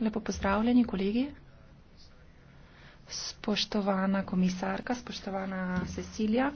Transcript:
Lepo pozdravljeni, kolegi. Spoštovana komisarka, spoštovana Cecilija.